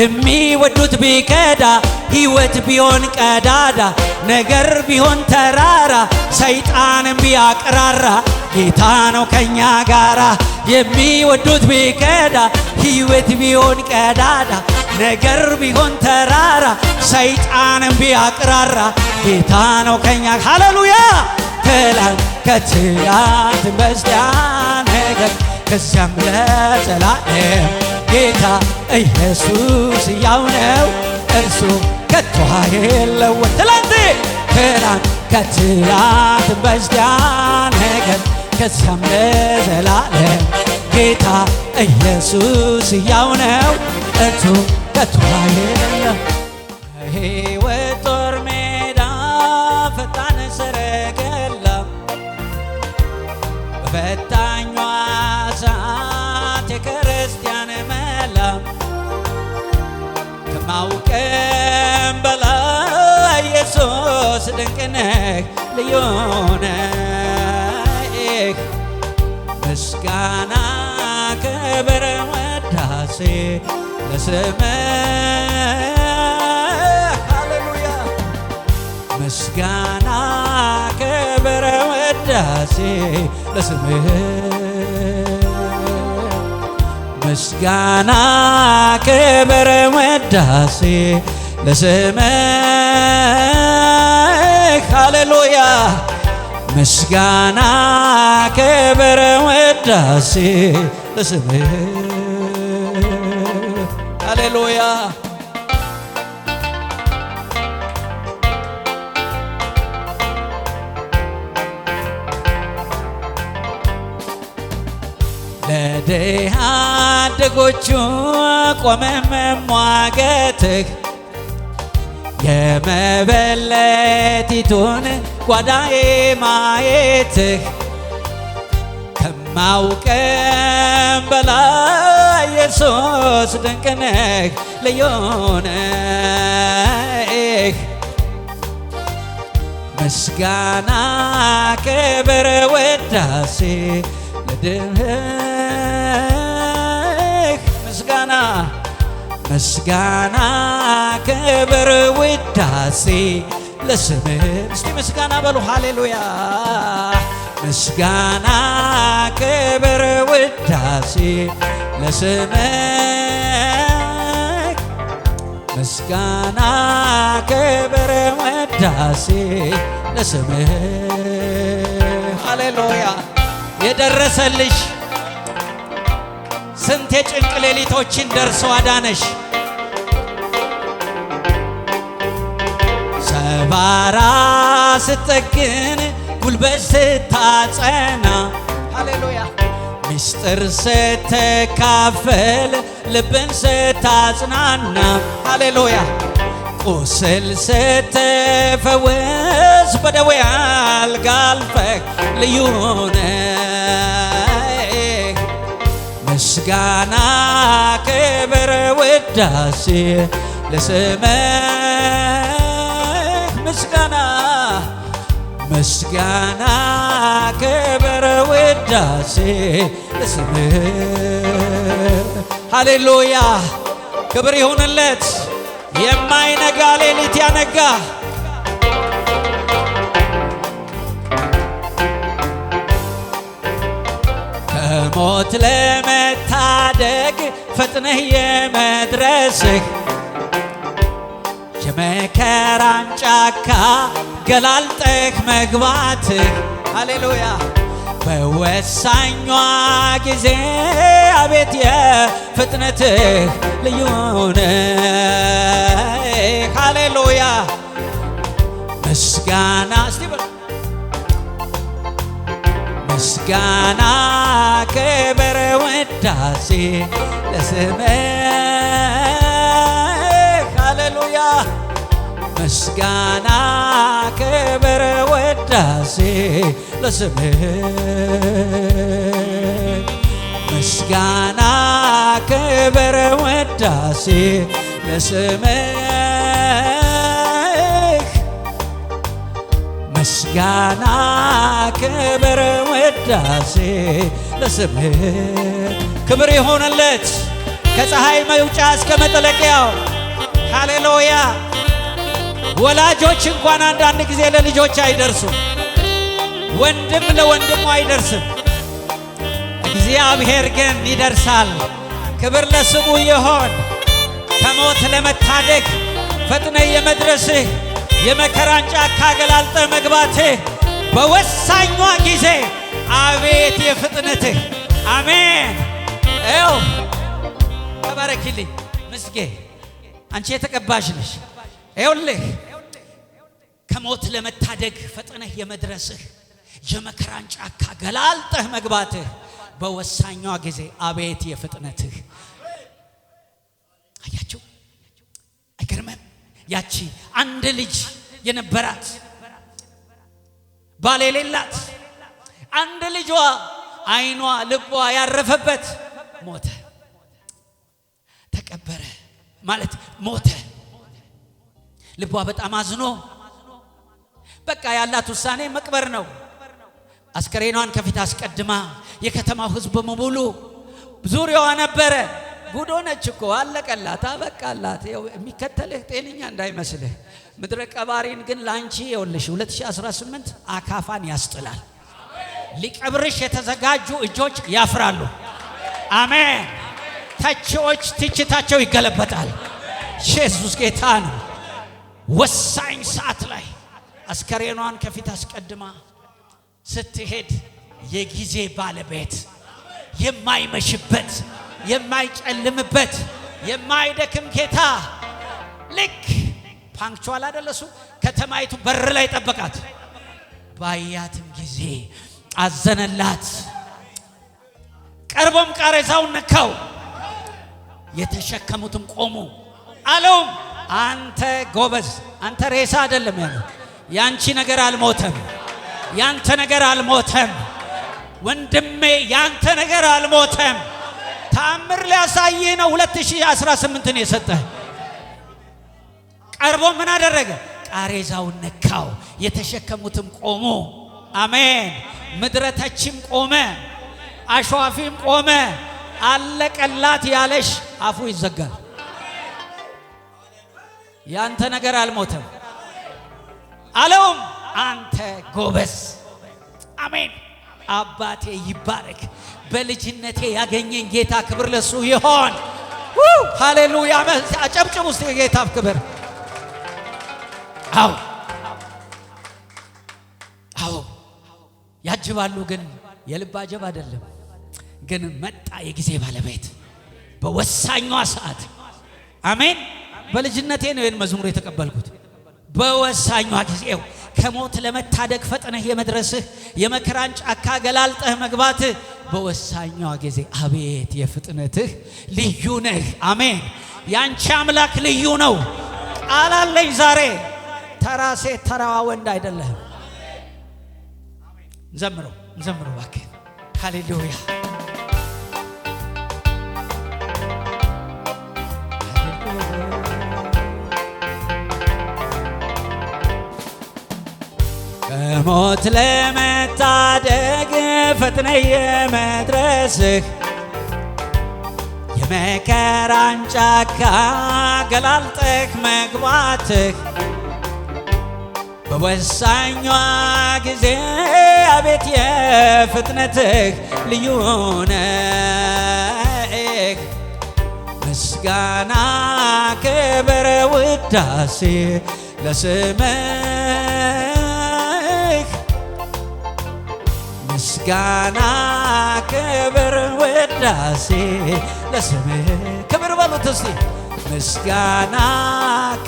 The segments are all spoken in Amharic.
የሚወዱት ቢከዳ ሕይወት ቢሆን ቀዳዳ ነገር ቢሆን ተራራ ሰይጣንም ቢያቅራራ ጌታ ነው ከኛ ጋራ። የሚወዱት ቢከዳ ሕይወት ቢሆን ቀዳዳ ነገር ቢሆን ተራራ ሰይጣንም ቢያቅራራ ጌታ ነው ከኛ ሃሌሉያ። ትላንት ከትላንት በስቲያ ነገር ከዚያም ለዘላለም ጌታ ኢየሱስ ያው ነው እርሱ ከቶ የለወጥ ትላንት ትላንት ከትላት በስቲያ ነገር ከዚያም ለዘላለም ጌታ ኢየሱስ ያው ነው እርሱ ከቶ የለ ድንቅነህ ልዩ ነህ። ምስጋና ክብር ወዳሴ ለስምህ ሃሌሉያ። ምስጋና ክብር ለስምህ ምስጋና ክብር ለስምህ ሃሌሉያ ምስጋና ክብር ወዳሴ ለስምህ ሃሌሉያ ለድሃ አደጎቹ ቆመ መሟገትህ የመበለቲቱን ጓዳዬ ማየትህ ከማውቅም በላይ ኢየሱስ ድንቅነህ ልዩነህ ምስጋና ክብር ወዳሴ ለድህ ምስጋና ምስጋና ክብር ውዳሴ ለስምህ እስቲ ምስጋና በሉ ሃሌሉያ ምስጋና ክብር ውዳሴ ለስምህ ምስጋና ክብር ውዳሴ ለስምህ ሃሌሉያ የደረሰልሽ ስንት የጭንቅ ሌሊቶችን ደርሶ አዳነሽ ሰባራ ስጠግን ጉልበት ስታጸና ሃሌሉያ ምስጢር ስትካፈል ልብን ስታጽናና ሃሌሉያ ቁስል ስትፈወስ በደዌ አልጋ አልፈህ ልዩ ነህ ምስጋና ክብር ውዳሴ ለስምህ ምስጋና ምስጋና ክብር ውዳሴ ለስምህ ሃሌሉያ ክብር ይሁንለት የማይነጋ ሌሊት ያነጋ ከሞት ለመታደግ ፈጥነህ የመድረስህ የመከራን ጫካ ገላልጠህ መግባትህ ሃሌሉያ በወሳኟ ጊዜ አቤት የፍጥነትህ ልዩ ነው። ሃሌሉያ ምስጋና ምስጋና ክብር ውዳሴ ለስምህ ሃሌሉያ ምስጋና ክብር ውዳሴ ለስምህ ምስጋና ክብር ውዳሴ ለስምህ ምስጋና ክብር ወዳሴ ለስም ክብር የሆነለት ከፀሐይ መውጫ እስከ መጠለቂያው ሃሌሉያ። ወላጆች እንኳን አንዳንድ ጊዜ ለልጆች አይደርሱም። ወንድም ለወንድሙ አይደርስም። እግዚአብሔር ግን ይደርሳል። ክብር ለስሙ ይሆን። ከሞት ለመታደግ ፈጥነ የመድረስህ የመከራን ጫካ ገላልጠ መግባቴ በወሳኟ ጊዜ አቤት የፍጥነትህ አሜን። ው ተባረክልኝ ምስጌ አንቺ የተቀባሽ ነሽ። ይውልህ ከሞት ለመታደግ ፈጥነህ የመድረስህ የመከራን ጫካ ገላልጠህ መግባትህ በወሳኟ ጊዜ አቤት የፍጥነትህ አያቸው አይገርምም? ያቺ አንድ ልጅ የነበራት ባል የሌላት አንድ ልጇ አይኗ ልቧ ያረፈበት ሞተ፣ ተቀበረ ማለት ሞተ። ልቧ በጣም አዝኖ በቃ ያላት ውሳኔ መቅበር ነው። አስከሬኗን ከፊት አስቀድማ የከተማው ህዝብ በሙሉ ዙሪያዋ ነበረ። ጉድ ሆነች እኮ አለቀላት፣ አበቃላት። የሚከተልህ ጤንኛ እንዳይመስልህ። ምድረ ቀባሪን ግን ለአንቺ የውልሽ 2018 አካፋን ያስጥላል። ሊቀብርሽ የተዘጋጁ እጆች ያፍራሉ። አሜን። ተቺዎች ትችታቸው ይገለበጣል። ኢየሱስ ጌታ ነው። ወሳኝ ሰዓት ላይ አስከሬኗን ከፊት አስቀድማ ስትሄድ የጊዜ ባለቤት የማይመሽበት የማይጨልምበት የማይደክም ጌታ ልክ ፓንክቹዋል አደለሱ ከተማይቱ በር ላይ ጠበቃት። ባያትም ጊዜ አዘነላት። ቀርቦም ቃሬዛውን ነካው። የተሸከሙትም ቆሙ። አለውም አንተ ጎበዝ፣ አንተ ሬሳ አይደለም ያለው። ያንቺ ነገር አልሞተም፣ ያንተ ነገር አልሞተም ወንድሜ፣ ያንተ ነገር አልሞተም። ታምር ሊያሳይ ነው። 2018 ነው የሰጠህ። ቀርቦ ምን አደረገ? ቃሬዛውን ነካው፣ የተሸከሙትም ቆሙ። አሜን። ምድረተችም ቆመ፣ አሸዋፊም ቆመ። አለቀላት ያለሽ አፉ ይዘጋል። ያንተ ነገር አልሞተም። አለውም አንተ ጎበዝ። አሜን። አባቴ ይባረክ። በልጅነቴ ያገኘኝ ጌታ ክብር ለሱ ይሆን። ሃሌሉያ! አጨብጭብ ውስጥ የጌታ ክብር አዎ፣ አዎ ያጅባሉ፣ ግን የልብ አጀብ አይደለም። ግን መጣ የጊዜ ባለቤት በወሳኟ ሰዓት። አሜን። በልጅነቴ ነው ይህን መዝሙር የተቀበልኩት። በወሳኟ ጊዜው ከሞት ለመታደግ ፈጥነህ የመድረስህ የመከራን ጫካ ገላልጠህ መግባትህ በወሳኛዋ ጊዜ አቤት የፍጥነትህ ልዩ ነህ። አሜን። ያንቺ አምላክ ልዩ ነው። ቃል አለኝ ዛሬ ተራ ሴት ተራዋ ወንድ አይደለህም። ዘምረው ዘምረው እባክህ። ሃሌሉያ ከሞት ለመታደግ ፈጥነ የመድረስህ የመከራን ጫካ ገላልጠህ መግባትህ በወሳኟ ጊዜ አቤት የፍጥነትህ ልዩ ነህ። ምስጋና ክብር ውዳሴ ለስምህ ምስጋና ክብር ውዳሴ ለስምህ ክብር በሉት እስቲ ምስጋና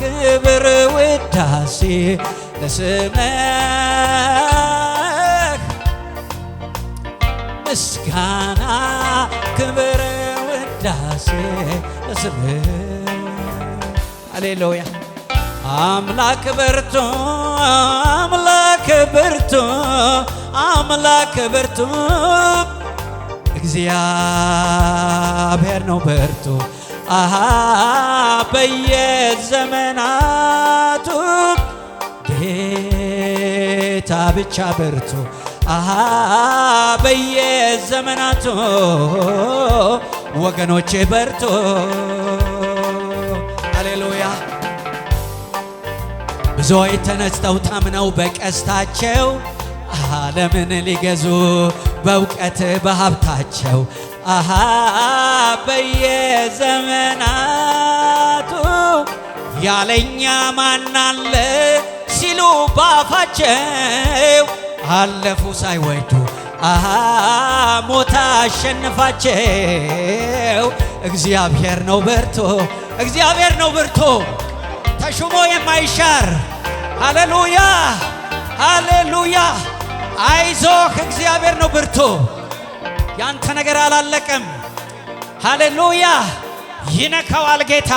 ክብር ውዳሴ ለስምህ ምስጋና ክብር ውዳሴ ለስምህ ሃሌሉያ አምላክ ብርቱ አምላክ ብርቱ አምላክ ብርቱ እግዚአብሔር ነው ብርቱ አሃ በየዘመናቱ ጌታ ብቻ ብርቱ አሃ በየዘመናቱ ወገኖቼ በርቱ አሌሉያ ብዙዎች ተነስተው ታምነው በቀስታቸው ዓለምን ሊገዙ በእውቀት በሀብታቸው አሃ በየዘመናቱ ያለኛ ማናለ ሲሉ ባፋቸው አለፉ ሳይወዱ አሃ ሞታ አሸንፋቸው። እግዚአብሔር ነው በርቶ እግዚአብሔር ነው ብርቶ ተሹሞ የማይሻር ሃሌሉያ ሃሌሉያ አይዞህ እግዚአብሔር ነው ብርቱ። ያንተ ነገር አላለቀም። ሃሌሉያ ይነካዋል ጌታ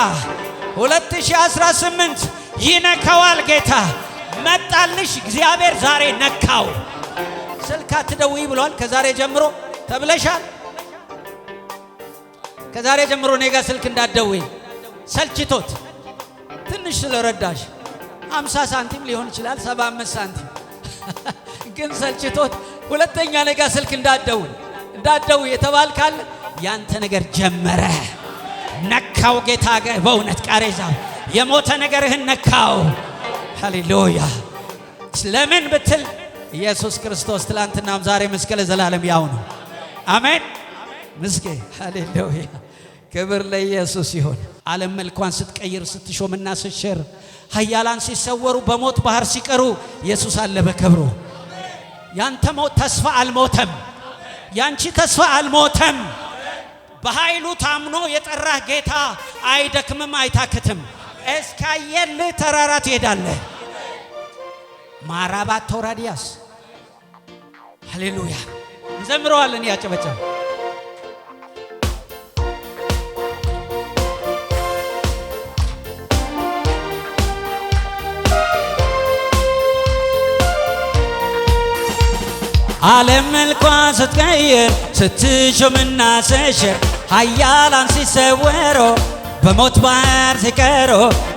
2018 ይነካዋል ጌታ መጣልሽ። እግዚአብሔር ዛሬ ነካው። ስልክ አትደውይ ብሏል። ከዛሬ ጀምሮ ተብለሻል። ከዛሬ ጀምሮ እኔ ጋር ስልክ እንዳትደውይ ሰልችቶት ትንሽ ስለረዳሽ 50 ሳንቲም ሊሆን ይችላል 75 ሳንቲም ግን ሰልችቶት ሁለተኛ ነጋ ስልክ እንዳደው እንዳደው የተባልካል ያንተ ነገር ጀመረ። ነካው ጌታ በእውነት ቃሬዛ የሞተ ነገርህን ነካው። ሃሌሉያ። ለምን ብትል ኢየሱስ ክርስቶስ ትላንትናም ዛሬ መስቀል ዘላለም ያው ነው። አሜን። ምስኪን ሃሌሉያ። ክብር ለኢየሱስ ይሁን። ዓለም መልኳን ስትቀይር ስትሾምና ስትሽር ኃያላን ሲሰወሩ በሞት ባህር ሲቀሩ ኢየሱስ አለ በክብሩ ያንተ ሞት ተስፋ አልሞተም። ያንቺ ተስፋ አልሞተም። በኃይሉ ታምኖ የጠራህ ጌታ አይደክምም፣ አይታክትም። እስካየልህ ተራራ ትሄዳለህ። ማራባት ተወራዲያስ ሃሌሉያ እንዘምረዋለን ያጨበጨብ ዓለም መልኳን ስትቀይር ስትሾምና ስትሸር ኃያላን ሲሰወሮ በሞት ባህር ሲቀሮ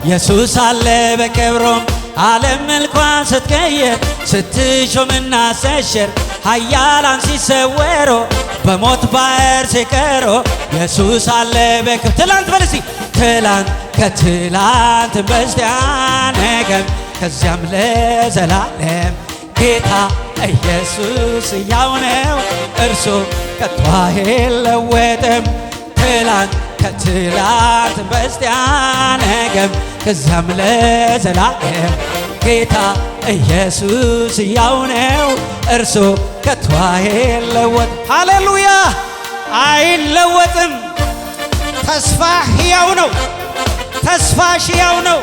ኢየሱስ አለ በክብሮም ዓለም መልኳን ስትቀይር ስትሾምና ስትሸር ኃያላን ሲሰወሮ በሞት ባህር ሲቀሮ ኢየሱስ አለ በክብሮም ትላንት በል ትላንት ከትላንት በስቲያ ነገም ከዚያም ለዘላለም ጌታ ኢየሱስ ሕያው ነው፣ እርሱ ከቶ አይለወጥም። ትላንት ከትላንት በስቲያ ነገም ከዚያም ለዘላለም ጌታ ኢየሱስ ሕያው ነው፣ እርሱ ከቶ አይለወጥ። ሃሌሉያ! አይለወጥም። ተስፋ ሕያው ነው። ተስፋሽ ሕያው ነው።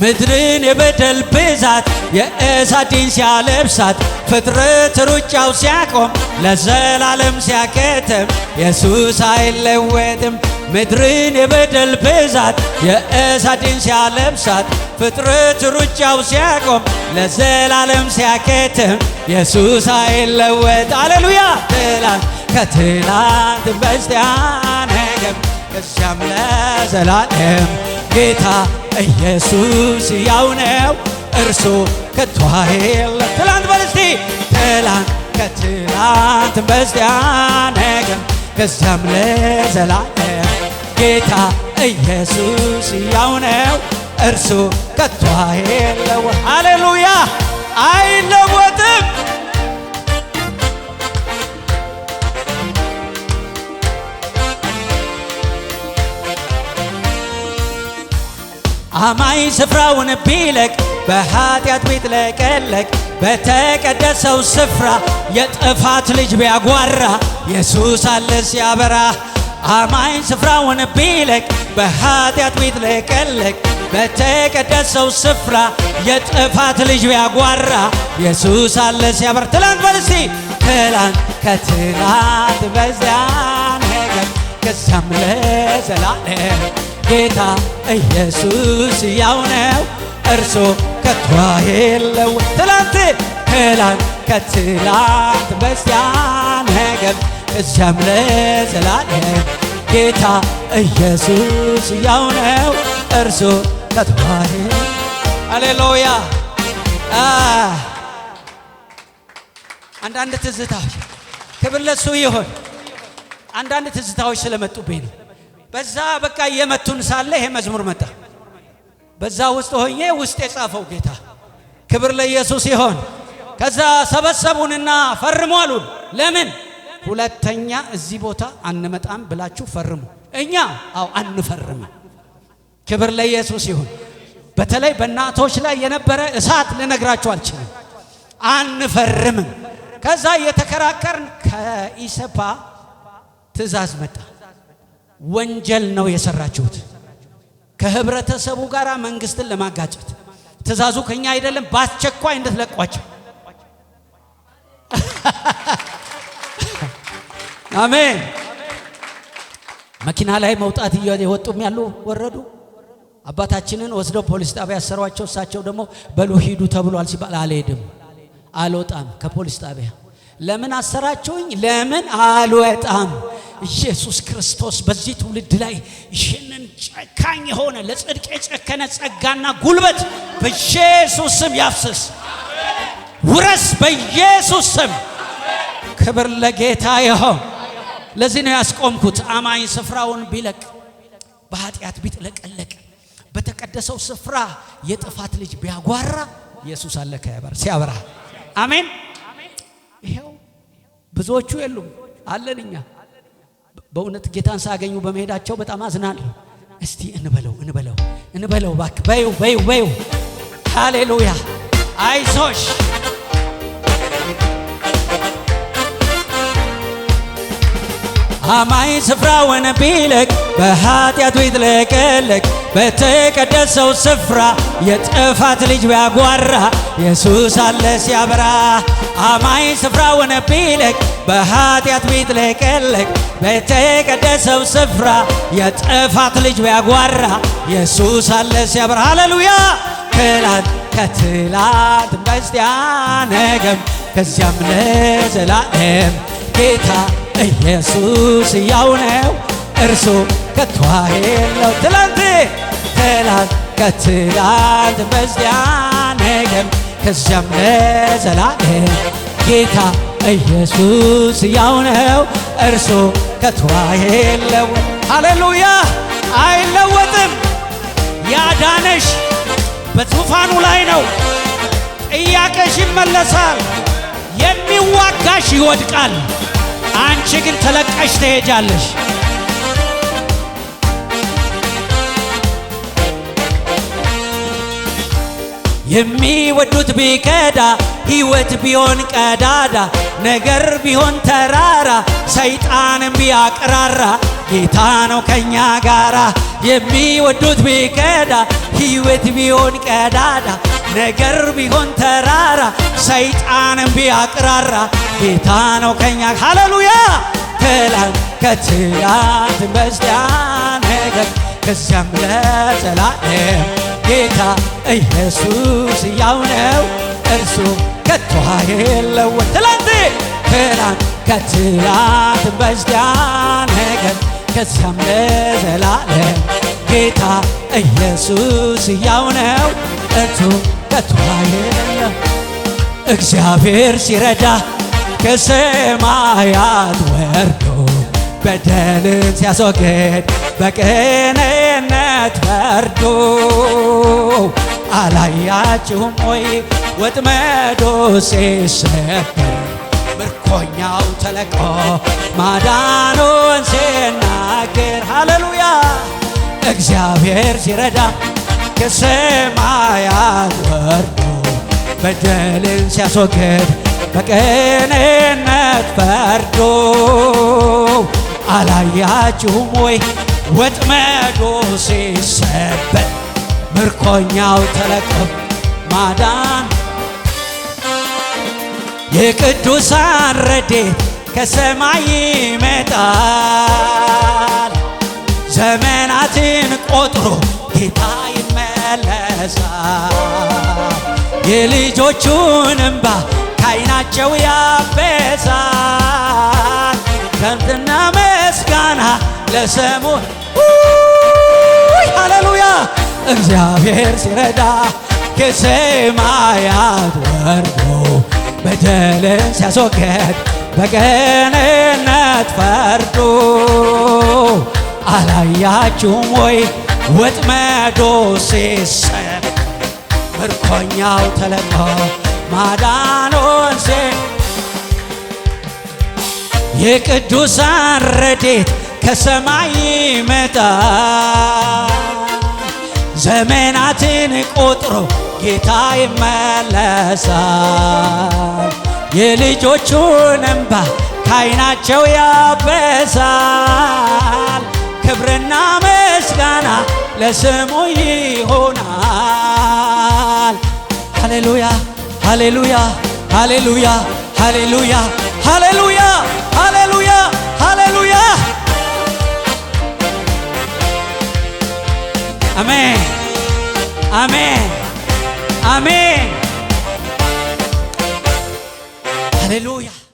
ምድርን የበደል ብዛት የእሳትን ሲያለብሳት ፍጥረት ሩጫው ሲያቆም ለዘላለም ሲያከተም ኢየሱስ አይለወጥም። ምድርን የበደል ብዛት የእሳትን ሲያለብሳት ፍጥረት ሩጫው ሲያቆም ለዘላለም ሲያከትም ኢየሱስ አይለወጥ። አሌሉያ ትላንት ከትላንት በስቲያ ነገም ከዚያም ለዘላለም ጌታ ኢየሱስ ያው ነው እርሱ ከቶ የለም። ትላንት በል እስቲ ትላንት ከትላንት በስቲያ ነገም ከዚያም ለዘላለም ጌታ ኢየሱስ ያው ነው እርሱ ከቶ የለም። ሃሌሉያ አይለወጥም። አማይ ስፍራውን ቢለቅ በኃጢአት ቢጥለቀለቅ በተቀደሰው ስፍራ የጥፋት ልጅ ቢያጓራ ኢየሱስ አለ ሲያበራ። አማይ ስፍራውን ቢለቅ በኃጢአት ቢጥለቀለቅ በተቀደሰው ስፍራ የጥፋት ልጅ ቢያጓራ ኢየሱስ አለ ሲያበራ። ትላንት በልሲ ትላንት ከትላንት በዚያ ነገር ከዛም ለዘላለም ጌታ ኢየሱስ ያው ነው፣ እርሱ ከቶ የለው። ትላንት ትላንት ከትላንት በስቲያ ነገም እዚያም ለዘላለም ጌታ ኢየሱስ ያው ነው፣ እርሱ ከቶ ሃሌሉያ። አንዳንድ ትዝታዎች ክብር ለሱ ይሁን። አንዳንድ ትዝታዎች ስለመጡብኝ ነው። በዛ በቃ እየመቱን ሳለ ይሄ መዝሙር መጣ። በዛ ውስጥ ሆኜ ውስጥ የጻፈው ጌታ ክብር ለኢየሱስ ይሆን። ከዛ ሰበሰቡንና ፈርሙ አሉን። ለምን ሁለተኛ እዚህ ቦታ አንመጣም ብላችሁ ፈርሙ። እኛ አው አንፈርም። ክብር ለኢየሱስ ይሁን። በተለይ በእናቶች ላይ የነበረ እሳት ልነግራችሁ አልችልም። አንፈርምም። ከዛ እየተከራከርን ከኢሰፓ ትእዛዝ መጣ። ወንጀል ነው የሰራችሁት። ከህብረተሰቡ ጋር መንግስትን ለማጋጨት ትእዛዙ ከኛ አይደለም። በአስቸኳይ እንድትለቋቸው። አሜን። መኪና ላይ መውጣት የወጡም ያሉ ወረዱ። አባታችንን ወስደው ፖሊስ ጣቢያ ያሰሯቸው። እሳቸው ደግሞ በሉ ሂዱ ተብሏል ሲባል አልሄድም፣ አልወጣም ከፖሊስ ጣቢያ ለምን አሰራችሁኝ? ለምን አልወጣም ኢየሱስ ክርስቶስ በዚህ ትውልድ ላይ ይህንን ጨካኝ የሆነ ለጽድቅ የጨከነ ጸጋና ጉልበት በኢየሱስ ስም ያፍስስ፣ ውረስ በኢየሱስ ስም። ክብር ለጌታ ይሆን። ለዚህ ነው ያስቆምኩት። አማኝ ስፍራውን ቢለቅ፣ በኃጢአት ቢጥለቀለቅ፣ በተቀደሰው ስፍራ የጥፋት ልጅ ቢያጓራ ኢየሱስ አለ ከያበር ሲያበራ አሜን። ይሄው ብዙዎቹ የሉም አለን እኛ በእውነት ጌታን ሳያገኙ በመሄዳቸው በጣም አዝናለሁ። እስቲ እንበለው እንበለው እንበለው ባክ በዩ በዩ በዩ ሃሌሉያ አይዞሽ ስፍራ ስፍራውን ቢለቅ በኃጢአቱ ይጥለቀለቅ በተቀደሰው ስፍራ የጥፋት ልጅ ቢያጓራ ኢየሱስ አለ ሲያበራ አማኝ ስፍራውን ቢለቅ በኃጢአት ቢጥለቀለቅ በተቀደሰው ስፍራ የጥፋት ልጅ ቢያጓራ ኢየሱስ አለ ሲያበራ ሃሌሉያ ትላንት ከትላንት በስቲያ ነገም ከዚያም ለዘላለም ጌታ ኢየሱስ ሕያው ነው እርሱ ከቶ የለው ትላንት ትላንት ከትላንት በስቲያ ነገም ከዚያም ለዘላለም ጌታ ኢየሱስ ሕያው ነው። እርሱ ከቶ ሃሌሉያ! አይለወጥም። ያዳነሽ በዙፋኑ ላይ ነው። ጥያቄሽ ይመለሳል። የሚዋጋሽ ይወድቃል። አንቺ ግን ተለቀሽ ትሄጃለሽ። የሚወዱት ቢከዳ ሕይወት ቢሆን ቀዳዳ ነገር ቢሆን ተራራ ሰይጣንም ቢያቅራራ ጌታ ነው ከኛ ጋራ። የሚወዱት ቢከዳ ሕይወት ቢሆን ቀዳዳ ነገር ቢሆን ተራራ ሰይጣንም ቢያቅራራ ጌታ ነው ከኛ ሃሌሉያ ትላንት ከትላንት በስቲያ ነገር ከዚያም ለዘላለም ጌታ ኢየሱስ ያው ነው እርሱ ከቶ የለወጥም። ትላንት ትላንት ከትላንት በስቲያ ነገ ከዚያም ለዘላለም ጌታ ኢየሱስ ያው ነው እርሱ ከቶ የለወጥም። እግዚአብሔር ሲረዳ ከሰማያት ወርዶ በደልን ሲያስወግድ በቅንነት ፈርዶ አላያችሁም ወይ ወጥመዶ ሲሰበር ምርኮኛው ተለቆ ማዳኑን ሲናገር ሃሌሉያ እግዚአብሔር ሲረዳ ከሰማያት ወርዶ በደልን ሲያስወግድ በቅንነት ፈርዶ አላያችሁም ወይ ወጥመዶ ሲሰበር ምርኮኛው ተለቀ ማዳን የቅዱሳን ረድኤት ከሰማይ ይመጣል። ዘመናትን ቆጥሮ ጌታ ይመለሳል። የልጆቹን እምባ ከዓይናቸው ያበሳል። ቀንትና ምስጋና ለስሙ ሃሌሉያ እግዚአብሔር ሲረዳ ከሰማያት ወርዶ በደልን ሲያስወገድ በቅንነት ፈርዶ አላያችሁም ወይ ወጥመዶ ሲሰር ምርኮኛው ተለቆ ማዳኑን ሴ የቅዱሳን ረድኤት ከሰማይ ይመጣል ዘመናትን ቆጥሮ ጌታ ይመለሳል። የልጆቹን እንባ ካይናቸው ያበሳል። ክብርና ምስጋና ለስሙ ይሆናል። ሃሌሉያ ሃሌሉያ ሃሌሉያ ሃሌሉያ ሃሌሉያ ሃሌሉያ ሃሌሉያ አሜን። አሜን አሜን ሃሌሉያ